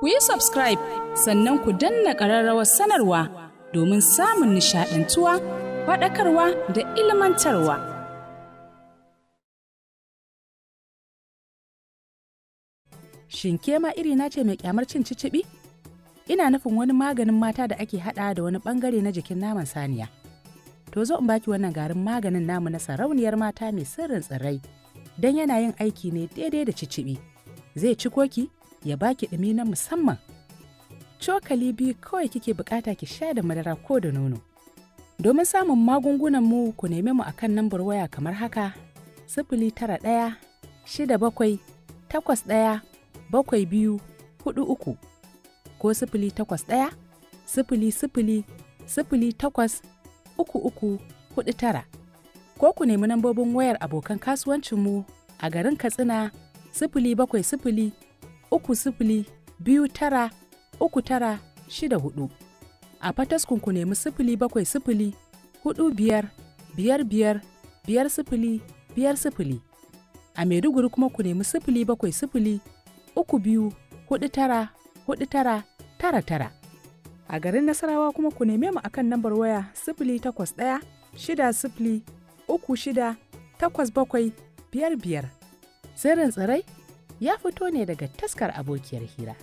ku yi subscribe sannan ku danna ƙararrawar sanarwa domin samun nishaɗantuwa faɗakarwa da ilmantarwa. Shin ke ma na ce mai kyamar cin cicibi? Ina nufin wani maganin mata da ake haɗa da wani ɓangare na jikin naman saniya. To zo in baki wannan garin maganin namu na sarauniyar mata mai sirrin tsirrai, don yana yin aiki ne daidai da cicibi. Zai ci koki, ya baki ɗumi na musamman. Cokali biyu kawai kike bukata ki sha da madara ko da nono. Domin samun magungunan mu ku neme mu akan nambar waya kamar haka sifili tara ɗaya shida bakwai takwas ɗaya bakwai biyu hudu uku ko sifili takwas ɗaya sifili sifili sifili takwas uku uku hudu tara ko ku nemi nambobin wayar abokan kasuwancinmu a garin katsina sifili bakwai sifili uku sifili biyu tara uku tara shida hudu. A fataskun ku nemi sifili bakwai sifili hudu biyar biyar biyar biyar sifili biyar sifili. A Maiduguri kuma ku nemi sifili bakwai sifili uku biyu hudu tara hudu tara tara tara. A garin Nasarawa kuma ku neme mu akan lambar waya sifili takwas ɗaya shida sifili uku shida takwas bakwai biyar biyar. zirin tsirai ya fito ne daga taskar abokiyar hira.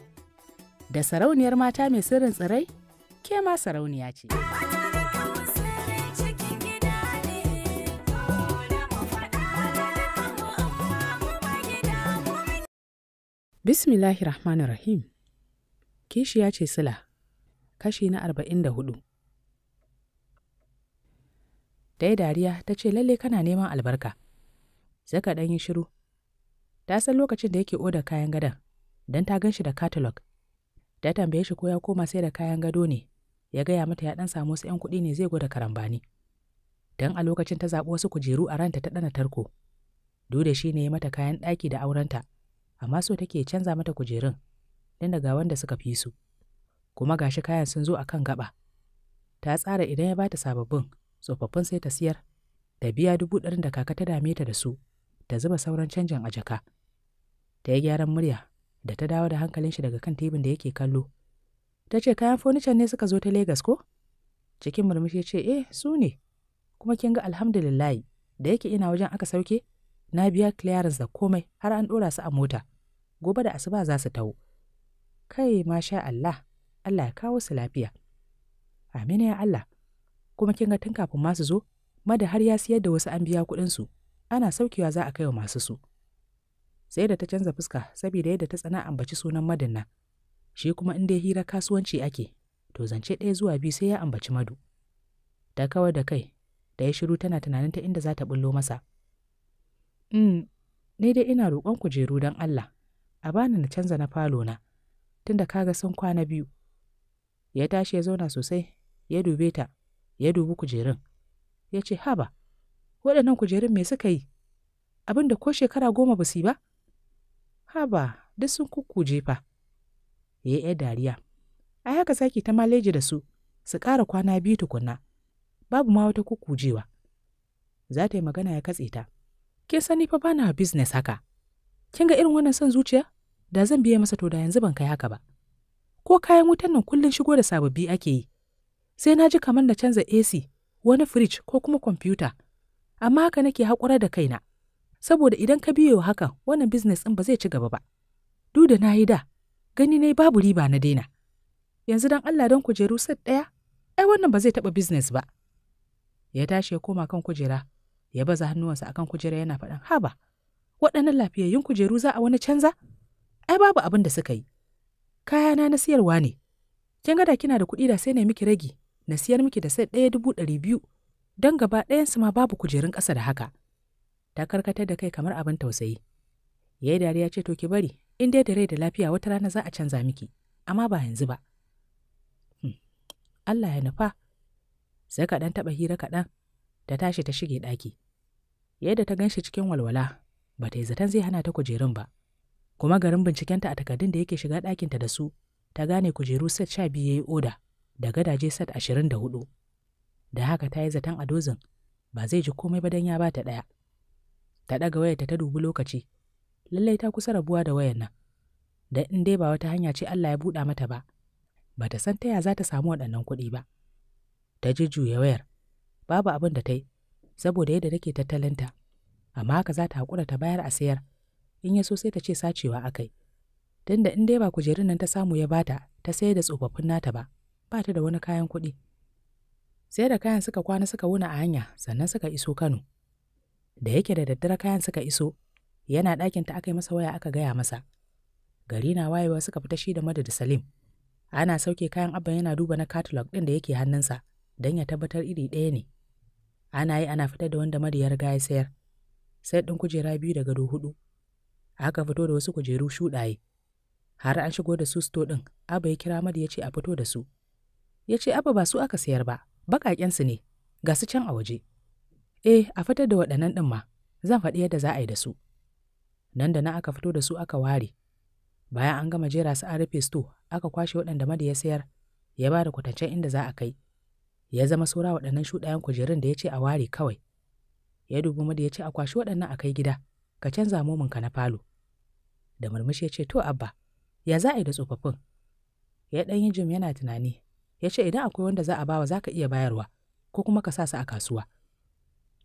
Da sarauniyar mata mai sirrin tsirai, ke ma sarauniya ce. Bismillahi Rahmanir Rahim Kishiya ce Sila, kashi na arba'in da hudu. Dai dariya ta ce lalle kana neman albarka, zaka ka ɗan yi shiru, Ta san lokacin da yake oda kayan gadon, don ta gan shi da katalog. Ta tambaye shi ko ya koma sai da kayan gado ne, ya gaya mata ya ɗan samu wasu ‘yan kuɗi ne zai gwada karambani. Don a lokacin ta zaɓi wasu kujeru a ranta ta ɗana tarko. Duda shi ne ya mata kayan ɗaki da aurenta, amma so take canza mata kujerun, don daga wanda suka fi su. Kuma gashi kayan sun zo a kan gaɓa. Ta tsara idan ya ba ta sababbin, tsofaffin sai ta siyar, ta biya dubu ɗarin da kaka ta dame ta da su, ta zuba sauran canjin a jaka. da ya gyaran murya da ta dawo da hankalin shi daga kan tibin da yake kallo ta ce kayan furniture ne suka zo ta Legas ko cikin murmushi ce eh su ne kuma kin ga alhamdulillahi da yake ina wajen aka sauke na biya clearance da komai har an ɗora su a mota gobe da asuba za su taho kai sha Allah Allah ya kawo su lafiya amina ya Allah kuma kin ga tun kafin masu zo mada har ya siyar da wasu an biya kuɗin su ana saukewa za a kai wa masu su sai da ta canza fuska saboda yadda ta tsana ambaci sunan madin shi kuma in dai hira kasuwanci ake to zance ɗaya zuwa biyu sai ya ambaci madu ta kawar da kai da ya shiru tana tunanin ta inda za ta bullo masa mm, ne dai ina roƙon kujeru don Allah a bani na canza na falo na tunda kaga sun kwana biyu ya tashi ya zauna sosai ya dube ta ya dubi kujerun ya ce haba waɗannan kujerun me suka yi abin da ko shekara goma ba su ba haba duk sun kukkuje fa ya yi dariya a haka saki ta maleji da su su ƙara kwana biyu tukuna? babu ma wata kukujewa za ta yi magana ya katse ta kin sani fa bana business haka kin ga irin wannan son zuciya da zan biya masa to da yanzu ban kai haka ba ko kayan wutan nan kullum shigo da sababbi ake yi sai na ji kamar na canza AC wani firij ko kuma kwamfuta amma haka nake haƙura da kaina saboda idan ka biyo hakan wannan business ɗin ba zai ci gaba ba. Duk da na yi da, gani na babu riba na daina. Yanzu dan Allah don kujeru set ɗaya, ai wannan ba zai taɓa business ba. Ya tashi ya koma kan kujera, ya baza hannuwansa akan kujera yana faɗan haba. Waɗannan lafiyayyun kujeru za a wani canza? Ai babu abin da suka yi. Kayana na siyarwa ne. Kin ga da kina da kuɗi da sai ne miki ragi, na siyar miki da sai ɗaya dubu ɗari biyu. Don gaba ɗayansu ma babu kujerun ƙasa da haka. ta karkatar da kai kamar abin tausayi ya yi dariya ce to ki bari in dai da rai da lafiya wata rana za a canza miki amma ba yanzu ba hmm. Allah ya nufa sai ka taɓa hira kaɗan ta tashi ta shige ɗaki yadda ta ganshi cikin walwala ba ta yi zaton zai hana ta kujerun ba kuma garin bincikenta a takardun da yake shiga ɗakinta da su ta gane kujeru set sha biyu ya yi oda da gadaje set ashirin da hudu da haka ta yi zaton a dozin ba zai ji komai ba don ya bata ɗaya ta ɗaga wayarta ta dubi lokaci lallai ta kusa rabuwa da wayar nan da in dai ba wata hanya ce Allah ya buɗa mata ba ba ta san ta ya za ta samu waɗannan kuɗi ba ta juya wayar babu abin da ta yi saboda yadda take tattalinta amma haka za ta haƙura ta bayar a sayar in ya so sai ta ce sacewa a kai tunda in dai ba kujerun nan ta samu ya bata ta sayar da tsofaffin nata ba ba ta da wani kayan kuɗi sai da kayan suka kwana suka wuna a hanya sannan suka iso Kano da yake da daddare kayan suka iso yana ɗakinta aka yi masa waya aka gaya masa gari na wayewa suka fita shi da madadi salim ana sauke kayan abba yana duba na catalog ɗin da yake hannunsa don ya tabbatar iri ɗaya ne ana yi ana fitar da wanda madiyar gaya sayar sai ɗin kujera biyu da gado hudu aka fito da wasu kujeru shuɗaye har an shigo da su sto ɗin abba ya kira madi ya ce a fito da su ya ce abba ba su aka sayar ba baƙaƙensu ne ga su can a waje eh a fitar da waɗannan ɗin ma zan faɗi yadda za a yi da su nan da na aka fito da su aka ware bayan an gama jera su an rufe sto aka kwashe waɗanda mada ya sayar ya ba da kwatancen inda za a kai ya zama saura waɗannan shuɗayen kujerun da ya ce a ware kawai ya dubi madi ya ce a kwashe waɗannan a kai gida ka canza mominka na falo da murmushi ya ce to abba ya za a yi da tsofaffin ya ɗan yi jim yana tunani ya ce idan akwai wanda za a bawa za ka iya bayarwa ko kuma ka sa su a kasuwa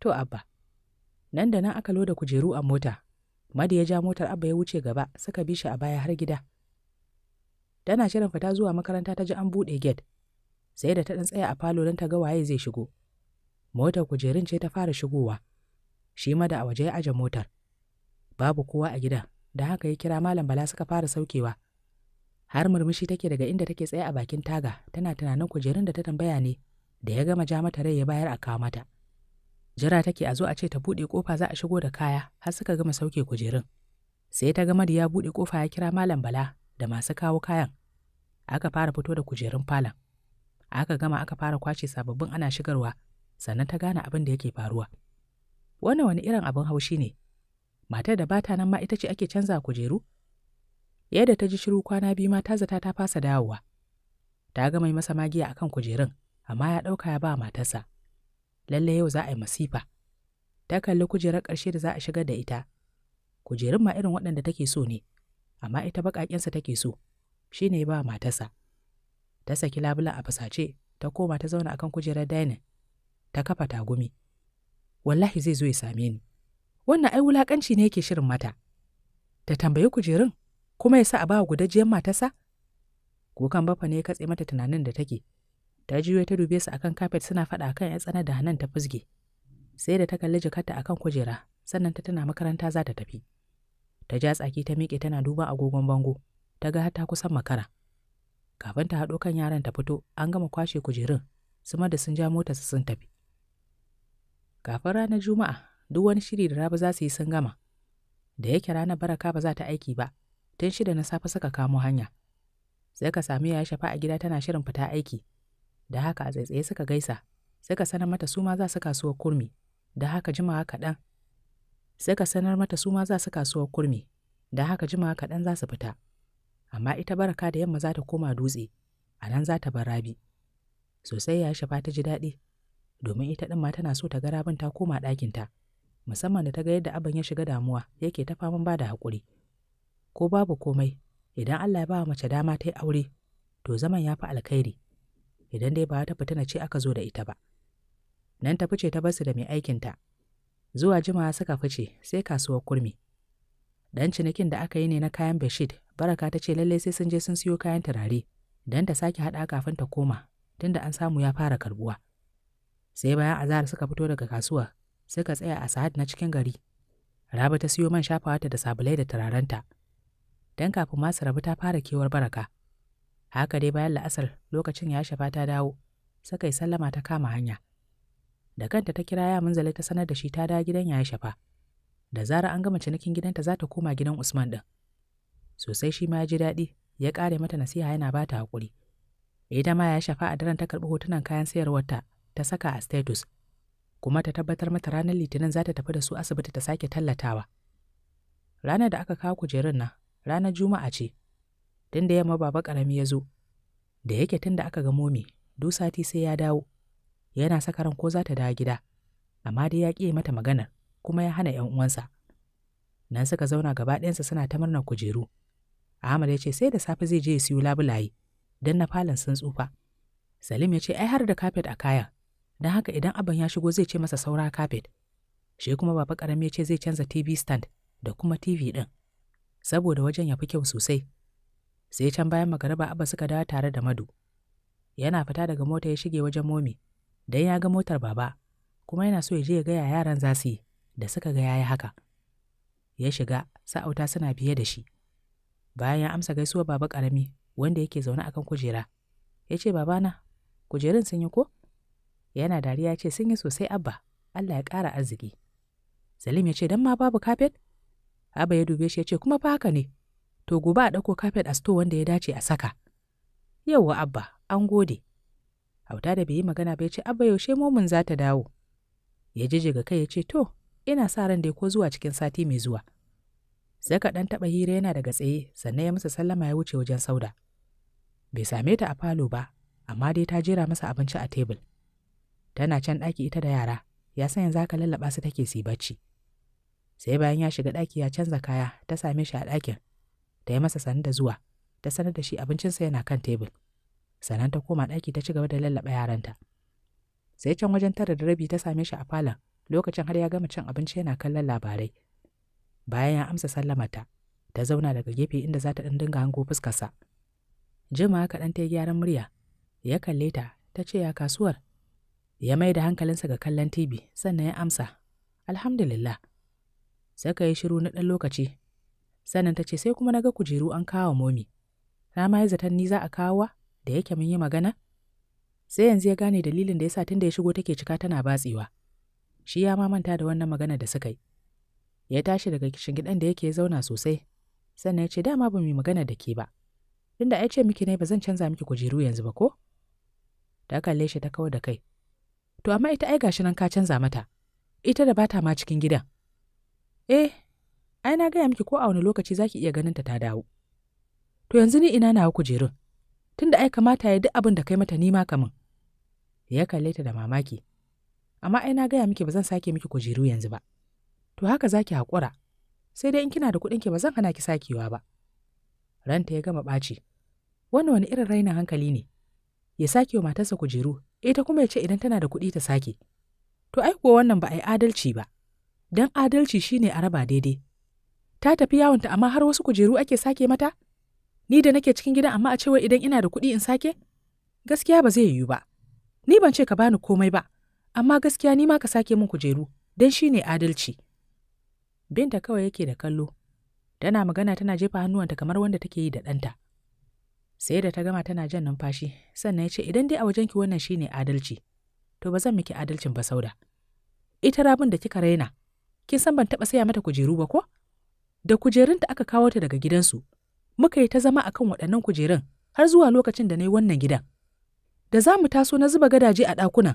To Abba, nan da nan aka loda kujeru a mota, Madi ya ja motar Abba ya wuce gaba suka bi shi a baya har gida. Tana shirin fita zuwa makaranta ta ji an buɗe get. sai da ta ɗan tsaya a falo don ta ga waye zai shigo. Motar kujerun ce ta fara shigowa, shi ma da a waje ya aje motar. Babu kowa a gidan, da haka ya kira Malam Bala suka fara saukewa. Har murmushi take daga inda take tsaye a bakin taga, tana tunanin kujerun da ta tambaya ne, da ya gama ja mata rai ya bayar a kawo mata. Jira take a zo a ce ta buɗe ƙofa za a shigo da kaya har suka gama sauke kujerun. Sai ta gama da ya buɗe ƙofa ya kira Malam Bala da masu kawo kayan. Aka fara fito da kujerun falon. Aka gama aka fara kwace sababbin ana shigarwa sannan ta gane abin da yake faruwa. Wannan wani irin abin haushi ne. Matar da bata nan ma ita ce ake canza kujeru? Yadda ta ji shiru kwana biyu ma ta zata ta fasa dawowa. Ta gama mai masa magiya akan kujerun, amma ya ɗauka ya ba matarsa. lallai yau za a yi masifa ta kalli kujerar ƙarshe da za a shigar da ita kujerun ma irin waɗanda take so ne amma ita baƙaƙensa take so shi ne ba matarsa ta saki labulan a fasace ta koma ta zauna akan kujerar dainin ta kafa tagumi wallahi zai zo ya same ni wannan ai wulaƙanci ne yake shirin mata ta tambayi kujerun kuma ya sa a ba wa gudajiyar matarsa kukan bafa ne ya katse mata tunanin da take ta juyo ta dube su akan kafet suna faɗa akan 'yan tsana da hannun ta fusge sai da ta kalli jakarta akan kujera sannan ta tana makaranta za ta tafi ta ja tsaki ta miƙe tana duba agogon bango ta ga har ta kusan makara kafin ta haɗo kan yaran ta fito an gama kwashe kujerun su da sun ja mota su sun tafi kafin ranar juma'a duk wani shiri da rabu za su yi sun gama da yake ranar baraka ba za ta aiki ba tun shida na safe suka kamo hanya sai ka sami ya shafa a gida tana shirin fita aiki da haka a tsaitsaye suka gaisa suka sanar mata su ma za su kasuwar kurmi da haka jimawa kaɗan suka sanar mata su ma za su kasuwar kurmi da haka jimawa kaɗan za su fita amma ita baraka da yamma za ta koma dutse a nan za ta bar rabi sosai ya shafa ta ji daɗi domin ita ɗin ma tana so ta ga rabin ta koma ɗakinta musamman da ta ga yadda abin ya shiga damuwa yake ta faman ba da haƙuri ko babu komai idan Allah ya ba mace dama ta yi aure to zaman ya fi alkhairi idan dai ba fita na ce aka zo da ita ba. Nan ta fice ta basu da mai aikinta. Zuwa jimawa suka fice sai kasuwar kurmi. Dan cinikin da aka yi ne na kayan Bashid, Baraka ta ce lallai sai sun je sun siyo kayan turare, dan ta sake haɗa kafin ta koma, tunda an samu ya fara karbuwa. Sai bayan azahar suka fito daga kasuwa, suka tsaya a sa'ad na cikin gari. Rabi ta siyo man shafawa ta da sabulai da turarenta. Dan kafin ma su rabu ta fara kewar Baraka. haka dai bayan la'asar lokacin ya shafa ta dawo suka yi sallama ta kama hanya da kanta ta kira ya munzale ta sanar da shi ta dawo gidan ya shafa da zara an gama cinikin gidanta za ta koma gidan usman din sosai shi ma ya ji daɗi ya ƙare mata nasiha yana ba ta haƙuri ita ma ya shafa a daren ta karɓi hotunan kayan sayarwarta ta saka a status kuma ta tabbatar mata ranar litinin za ta tafi da su asibiti ta sake tallatawa ranar da aka kawo kujerun nan ranar juma'a ce tun da yamma baba ƙarami ya zo da yake tun da aka ga momi duk sati sai ya dawo yana saka ran ko za ta dawo gida amma dai ya ƙi mata magana kuma ya hana 'yan uwansa nan suka zauna gaba ɗayansa suna ta murnar kujeru Ahmad ya ce sai da safe zai je ya siyo labulaye don na falon sun tsufa Salim ya ce ai har da kafet a kaya don haka idan abin ya shigo zai ce masa saura kafet shi kuma baba ƙarami ya ce zai canza TV stand da kuma TV ɗin saboda wajen ya fi kyau sosai sai can bayan magariba abba suka dawo tare da madu yana fita daga mota ya shige wajen momi dan ya ga motar baba kuma yana so ya je ya gaya yaran za su yi da suka ga yayi haka ya shiga sa'auta suna biye da shi bayan ya amsa gaisuwa baba karami wanda yake zaune akan kujera ya ce babana kujerun sun yi ko yana dariya ya ce sun yi sosai abba Allah ya ƙara arziki salim ya ce dan ma babu kafet abba ya dube shi ya ce kuma fa haka ne to gobe a ɗauko kafet a sto wanda ya dace a saka. yau Abba, an gode. Hauta da bai yi magana ba ya ce Abba yaushe momin za ta dawo. Ya ga kai ya ce to, ina sa ran dai ko zuwa cikin sati mai zuwa. Sai ka ɗan taɓa hira yana daga tsaye sannan ya masa sallama ya wuce wajen sauda. Bai same ta a falo ba, amma dai ta jera masa abinci a tebul. Tana can ɗaki ita da yara, ya san yanzu ka lallaɓa su take su yi bacci. Sai bayan ya shiga ɗaki ya canza kaya, ta same shi a ɗakin. ta yi masa sani da zuwa ta sanar da shi abincinsa yana kan tebul sannan ta koma ɗaki ta ci gaba da lallaɓa yaranta sai can wajen tara da rabi ta same shi a falon lokacin har ya gama cin abinci yana kallon labarai bayan ya amsa sallamata ta zauna daga gefe inda za ta ɗan dinga hango fuskarsa jima kaɗan ta yi gyaran murya ya kalle ta ta ce ya kasuwar ya mai da hankalinsa ga kallon TV sannan ya amsa, Alhamdulillah. ka yi shiru na ɗan lokaci, sannan ta ce sai kuma na ga kujeru an kawo momi na ma zaton ni za a kawo wa? da yake mun yi magana sai yanzu ya gane dalilin da yasa tun da ya shigo take cika tana batsewa shi ya ma manta da wannan magana da suka yi ya tashi daga kishin gidan da yake zauna sosai sannan ya ce dama ba mu yi magana da ke ba tunda ai ce miki ne ba zan canza miki kujeru yanzu ba ko ta kalle shi ta kawo da kai to amma ita ai gashi nan ka canza mata ita da bata ma cikin gidan eh ai na gaya miki ko a wani lokaci za ki iya ganin ta ta dawo to yanzu ni ina nawa kujerun tunda ai kamata ya duk abin da kai mata nima kamin ya kalle ta da mamaki amma ai na gaya miki ba zan sake miki kujeru yanzu ba to haka za ki haƙura sai dai in kina da kuɗin ki ba zan hana ki sakewa ba ranta ya gama ɓaci wannan wani irin rainin hankali ne ya sake wa matarsa kujeru ita kuma ya ce idan tana da kuɗi ta sake to ai kuwa wannan ba a yi adalci ba don adalci shine a raba daidai ta tafi yawonta amma har wasu kujeru ake sake mata? Ni da nake cikin gidan amma a cewa idan ina da kuɗi in sake? Gaskiya ba zai yiwu ba. Ni ban ce ka bani komai ba, amma gaskiya ni ma ka sake min kujeru, don shi ne adalci. Binta kawai yake da kallo, tana magana tana jefa hannuwanta kamar wanda take yi da ɗanta. Sai da ta gama tana jan numfashi, sannan ya ce idan dai a wajenki wannan shine adalci, to ba zan miki adalcin ba sauda. Ita rabin da kika raina, kin san ban taɓa saya mata kujeru ba ko? da kujerun da aka kawo ta daga gidansu muka yi ta zama a kan waɗannan kujerun har zuwa lokacin da na yi wannan gidan da za mu taso na zuba gadaje a ɗakuna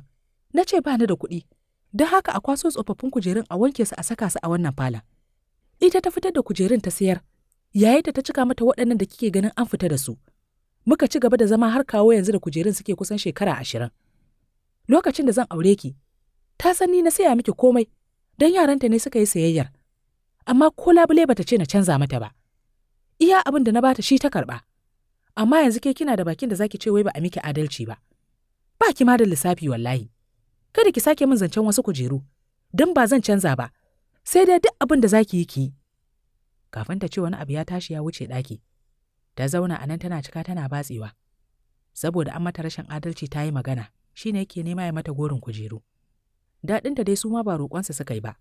na ce ba ni da kuɗi don haka a kwaso tsofaffin kujerun a wanke su a saka su a wannan fala ita ta fitar da kujerun ta sayar yayin da ta cika mata waɗannan da kike ganin an fita da su muka ci gaba da zama har kawo yanzu da kujerun suke kusan shekara ashirin lokacin da zan aure ki ta san ni na saya miki komai don yaranta ne suka yi sayayyar amma ko labule bata ce na canza mata ba. Iya abin da na bata shi ta karba. amma yanzu ke kina da bakin da zaki ce wai ba a miki adalci ba. Ba ki ma da lissafi wallahi. Kada ki sake min zancen wasu kujeru, don ba zan canza ba, sai dai duk abin da zaki yi ki yi. Kafin ta ce wani abu ya tashi ya wuce ɗaki, ta zauna a nan tana cika tana batsewa. Saboda an mata rashin adalci ta yi magana, shi ne yake nema ya mata gorin kujeru. Daɗinta dai su ma ba roƙonsa suka yi ba,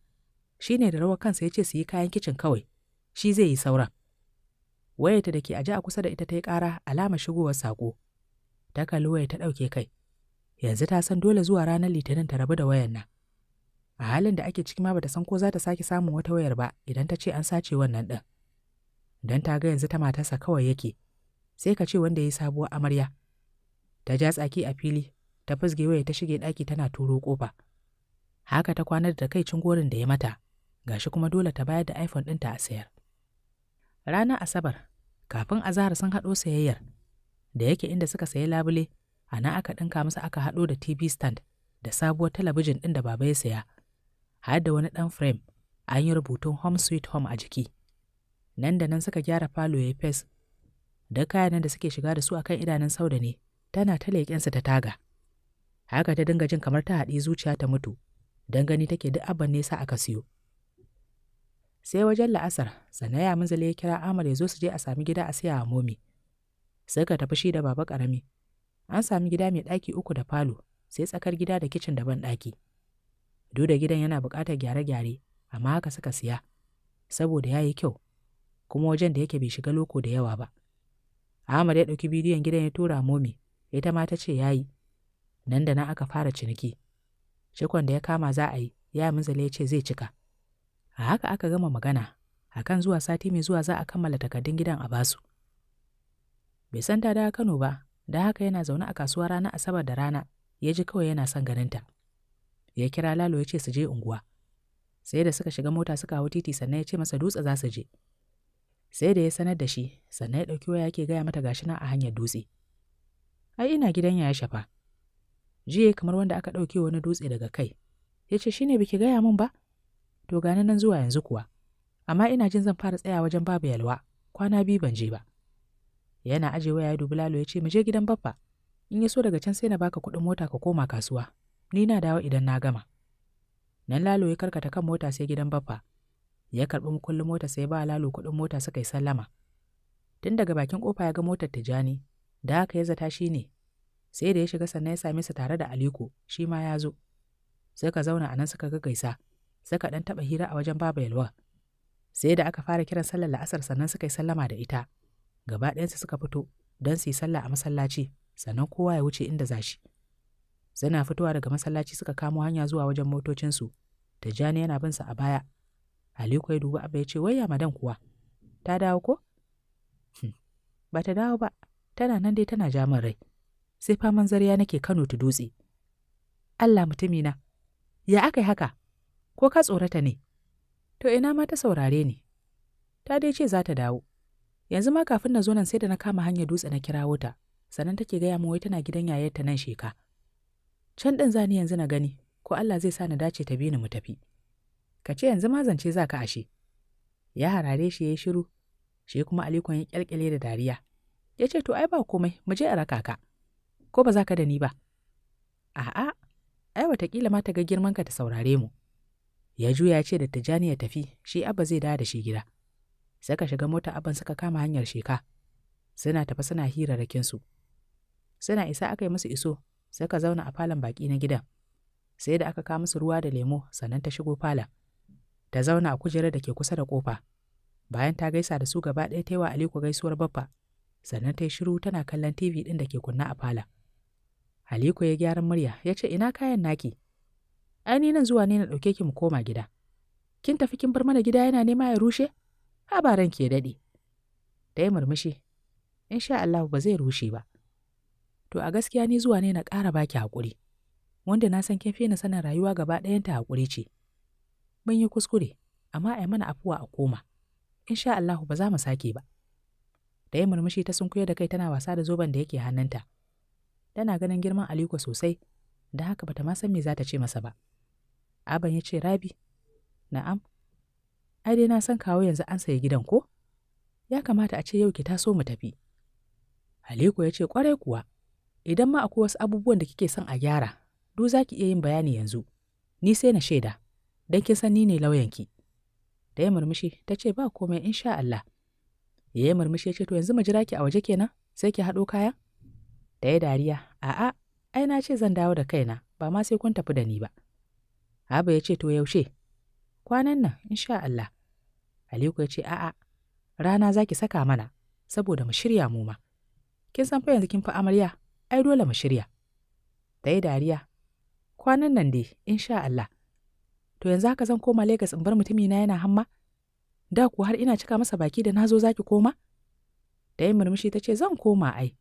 shi ne da rawar kansa ya ce su yi kayan kicin kawai shi zai yi sauran wayarta da ke aje a kusa da ita ta yi ƙara alamar shigowar sako. ta kalli ta ɗauke kai yanzu ta san dole zuwa ranar litinin ta rabu da wayan nan a halin da ake ciki ma bata san ko za ta sake samun wata wayar ba idan ta ce an sace wannan ɗin don ta ga yanzu ta matarsa kawai yake sai ka ce wanda ya yi sabuwar amarya ta ja tsaki a fili ta fusge waya ta shige ɗaki tana turo ƙofa haka ta kwana da kai cin gorin da ya mata gashi kuma dole ta bayar da iPhone ɗinta a sayar. Ranar Asabar, kafin azahar sun haɗo sayayyar, da yake inda suka sayi labule, a nan aka ɗinka masa aka haɗo da TV stand da sabuwar talabijin ɗin da baba ya saya, har da wani ɗan frame an yi rubutun Home Sweet Home a jiki. Nan da nan suka gyara falo ya fes, da kayan da suke shiga da su a kan idanun sauda ne, tana ta leƙensu ta taga. Haka ta dinga jin kamar ta haɗi zuciya ta mutu, don gani take duk abin nesa aka siyo. sai wajen la'asar sannan ya munzale ya kira Ahmad ya zo su je a sami gida a saya wa momi. Suka tafi shi da baba karami An sami gida mai ɗaki uku da falo, sai tsakar gida da kicin da ban ɗaki. Duk da gidan yana buƙatar gyare-gyare, amma haka suka siya, saboda ya yi kyau, kuma wajen da yake bai shiga loko da yawa ba. Ahmad ya ɗauki bidiyon gidan ya tura momi, ita ma ta ce ya yi. Nan da nan aka fara ciniki. Cikon da ya kama za a yi, ya munzale ya ce zai cika. a haka aka gama magana a kan zuwa sati mai zuwa za a kammala takardun gidan a basu bai san ta dawo kano ba da haka yana zaune a kasuwa rana asabar da rana ya ji kawai yana son ganinta ya kira lalo ya ce su je unguwa sai da suka shiga mota suka hau titi sannan ya ce masa dutse za su je sai da ya sanar da shi sannan ya ɗauki waya yake gaya mata gashi nan a hanyar dutse ai ina gidan ya shafa jiya kamar wanda aka ɗauke wani dutse daga kai ya ce shi ne biki gaya min ba to gani nan zuwa yanzu kuwa amma ina jin zan fara tsaya wajen babu yalwa kwana biyu ban je ba yana aje waya ya dubi lalo ya ce mu je gidan baffa in ya so daga can sai na baka kuɗin mota ka koma kasuwa ni na dawo idan na gama nan lalo ya karkata kan mota sai gidan baffa ya karɓi mukullin mota sai ba lalo kuɗin mota suka yi sallama tun daga bakin kofa ya ga motar tijani da haka ya zata shi ne sai da ya shiga sannan ya same su tare da aliko shi ma ya zo suka zauna a nan suka gaggaisa suka ɗan taɓa hira a wajen Baba Yalwa. Sai da aka fara kiran sallar la'asar sannan suka yi sallama da ita. Gaba ɗayansu suka fito don su yi sallah a masallaci sannan kowa ya wuce inda za shi. Suna fitowa daga masallaci suka kamo hanya zuwa wajen motocinsu. Tijjani yana bin su a baya. Aliko ya dubi Abba ya ce wayya madan kuwa. Ta dawo ko? Hmm, ba ta dawo ba. Tana nan dai tana ja rai. Sai faman zariya nake Kano ta dutse. Allah mutumina, ya aka yi haka? ko ka tsorata ne to ina ma ta saurare ni ta dai ce za ta dawo yanzu ma kafin na zo nan sai da na kama hanyar dutse na kirawo ta sannan take gaya min wai tana gidan yayarta nan sheka can ɗin zani yanzu na gani ko Allah zai sa na dace ta bi ni mu tafi ka ce yanzu ma zance za ka ashe ya harare shi ya yi shiru shi kuma alikon ya kyalkyale da dariya ya ce to ai ba komai mu je a raka ka ko ba za ka da ni ba a'a ai watakila ma ta ga girman ka ta saurare mu ya juya ce da tijjani ya tafi shi abba zai dawo da shi gida saka shiga mota abban suka kama hanyar sheka suna tafi suna rakin su suna isa aka yi musu iso suka zauna a falon baki na gidan sai da aka kawo musu ruwa da lemo sannan ta shigo falon ta zauna a kujerar da ke kusa da kofa bayan ta gaisa da su gaba ɗaya ta yi wa Aliko gaisuwar babba sannan ta yi shiru tana kallon TV ɗin da ke kunna a fala. Aliko ya gyaran murya ya ce ina kayan naki ai ni nan zuwa ne na ɗauke ki mu koma gida kin tafi kin bar mana gida yana nema ya rushe habaran ke daɗe da ya murmushi in sha Allah ba zai rushe ba to a gaskiya ni zuwa ne na ƙara baki haƙuri wanda na san kin fi ni sanin rayuwa gaba ɗayanta haƙuri ce mun yi kuskure amma ai mana afuwa a koma in sha Allah ba za mu sake ba da ya murmushi ta sunkuya da kai tana wasa da zoben da yake hannunta tana ganin girman Aliko sosai da haka bata ma san me za ta ce masa ba Aban ya ce, Rabi, na'am, ai dai na san kawo yanzu an sayi gidan ko? Ya kamata a ce yau ki taso mu tafi. Aliko ya ce, kwarai kuwa, idan ma akwai wasu abubuwan da kike son a gyara, du za ki iya yin bayani yanzu, ni sai na shaida, don kin san ni ne lauyanki. Da ya murmushi, ta ce ba komai in sha Allah. Ya yi murmushi ya ce, to yanzu mu jira ki a waje kenan, sai ki haɗo kayan. Da ya dariya, a'a, ai na ce zan dawo da kaina, ba ma sai kun tafi da ni ba. Abba ya ce, To yaushe? Kwanan nan, insha Allah. Aliko ya ce, A'a, rana za ki saka mana, saboda mu shirya mu ma. Kin san fa yanzu kin fi amarya, ai dole mu shirya. Ta yi dariya. Kwanan nan dai, insha Allah. To yanzu haka zan koma Legas in bar mutumina yana hamma? Da kuwa har ina cika masa baki da na nazo zaki koma? Da ya murmushi ta ce zan koma ai.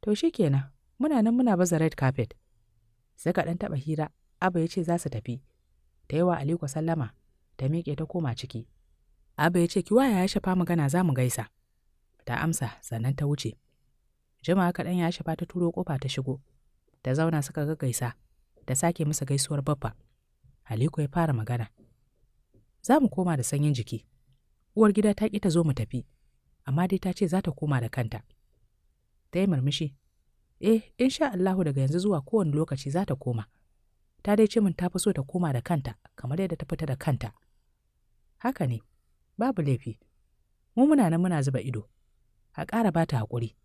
To shi kenan, muna nan muna baza red carpet. ka ɗan taɓa hira, Abba ya ce za su tafi. ta yi wa Aliko sallama, ta miƙe ta koma ciki. Abba ya ce ki waya ya shafa magana za mu gaisa. Ta amsa sannan ta wuce. Jimawa kaɗan ya shafa ta turo ƙofa ta shigo. Ta zauna suka ga gaisa, ta sake masa gaisuwar babba. Aliko ya fara magana. Za mu koma da sanyin jiki. Uwar gida ta ƙi ta zo mu tafi, amma dai ta ce za ta koma da kanta. Ta yi murmushi. Eh, insha Allahu daga yanzu zuwa kowane lokaci za ta koma. ta dai ce min ta fi so ta koma da kanta kamar yadda ta fita da kanta haka ne babu laifi mu muna nan muna zuba ido a ƙara ba ta haƙuri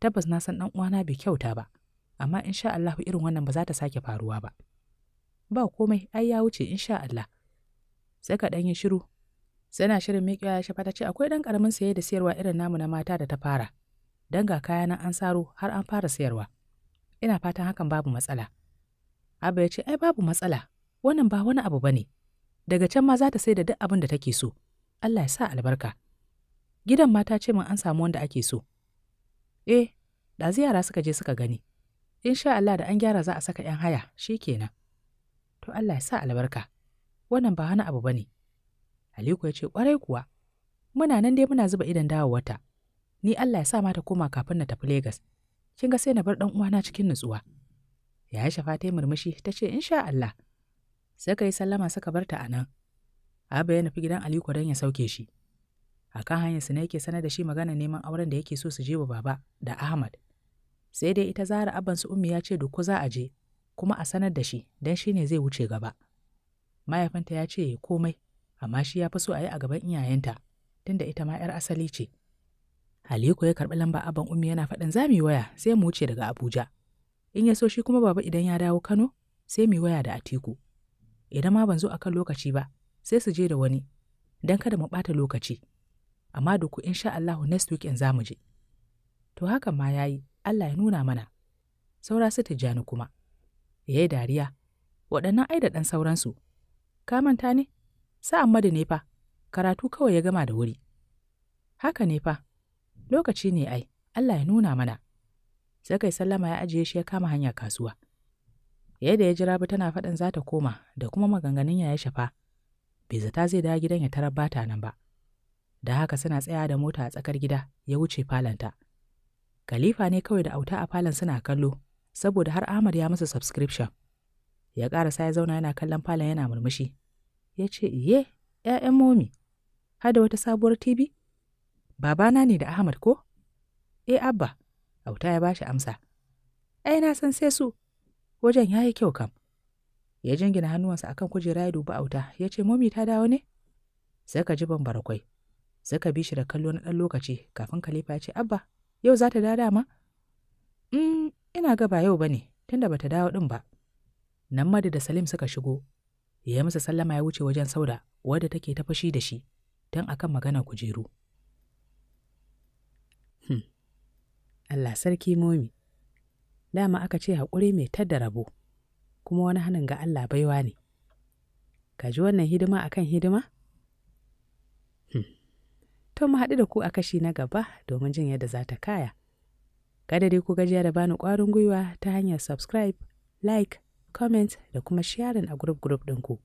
tabbas na san ɗan uwana bai kyauta ba amma sha Allah irin wannan ba za ta sake faruwa ba ba komai ai ya wuce sha Allah sai ka ɗan yi shiru na shirin miƙewa ya shafa ta ce akwai ɗan ƙaramin saye da sayarwa irin namu na mata da ta fara. Dan ga kaya nan an saro har an fara sayarwa. Ina fatan hakan babu matsala. Abba ya ce, ai babu matsala, wannan ba wani abu ba ne. Daga can ma za ta sai da duk abin da take so. Allah ya sa albarka. Gidan ma ta ce min an samu wanda ake so. Eh, da yara suka je suka gani. Insha Allah da an gyara za a saka 'yan haya, shi kenan. To Allah ya sa albarka. Wannan ba wani abu ba ne. Aliko ya ce, kwarai kuwa, muna nan dai muna zuba idan wata. Ni Allah ya sa mata koma kafin na tafi Legas. Kin ga sai na bar ɗan uwana cikin nutsuwa. ya shafa ta murmushi ta ce in sha Allah. Suka yi sallama suka bar ta a nan. Abba ya nufi gidan Aliko don ya sauke shi. A kan hanyar su ne yake sanar da shi magana neman auren da yake so su je wa baba da Ahmad. Sai dai ita zara abban su Ummi ya ce duk za a je kuma a sanar da shi don shi ne zai wuce gaba. Mahaifinta ya ce komai amma shi ya fi so a yi a gaban iyayenta tunda ita ma 'yar asali ce. Aliko ya karɓi lamba abban Ummi yana faɗin za mu yi waya sai mu wuce daga Abuja. in ya so shi kuma baba idan ya dawo Kano sai mu waya da Atiku. Idan ma ban zo a kan lokaci ba, sai su je da wani, don kada mu ɓata lokaci. Amma duku insha Allah next za mu je. To hakan ma yayi, Allah ya nuna mana. Saura su ta tijjani kuma. Ya yi dariya, waɗannan ai da ɗan sauransu. Ka manta ne? Sa'an madu ne fa, karatu kawai ya gama da wuri. Haka ne fa, lokaci ne ai, Allah ya nuna mana. sai kai sallama ya ajiye shi ya kama hanya kasuwa. Yadda ya ji Rabi tana faɗin za ta koma da kuma maganganun ya shafa, bai zata zai dawo gidan ya tarar bata nan ba. Da haka suna tsaya da mota a tsakar gida ya wuce falanta. Khalifa ne kawai da auta a falon suna kallo, saboda har Ahmad ya masa subscription. Ya ƙarasa ya zauna yana kallon falon yana murmushi. Ya ce, Ye? ‘ya'yan momi, har da wata sabuwar TV? Babana ne da Ahmad ko? Eh, Abba, Auta ya bashi amsa. Ai eh, na san sai su. Wajen yayi kyau kam. Ya jingina hannuwansa akan kujera ya dubi Auta, ya ce momi ta dawo ne? Sai ka ji bambara kwai. Sai ka bi shi da kallo na ɗan lokaci kafin Khalifa ya ce Abba, yau za ta da dama? Mm, ina ga ba yau bane, tunda bata dawo din ba. Nan Madu da Salim suka shigo, ya masa sallama ya wuce wajen Sauda, wadda take ta fashi da shi, don akan magana kujeru. Hmm. Allah sarki momi. Dama aka ce haƙuri mai tadda rabo, kuma wani hannun ga Allah baiwa ne. Ka ji wannan hidima a kan hidima? Hmm. To mu haɗu da ku a kashi na gaba domin jin yadda za ta kaya. Kada dai ku gajiya da bani ƙwarin gwiwa ta hanyar subscribe, like, comment da kuma sharing a group group ɗinku.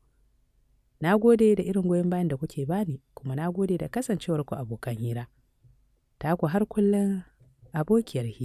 Na gode da irin goyon bayan da kuke bani, kuma na gode da kasancewarku abokan hira. Ta ku har kullum abokiyar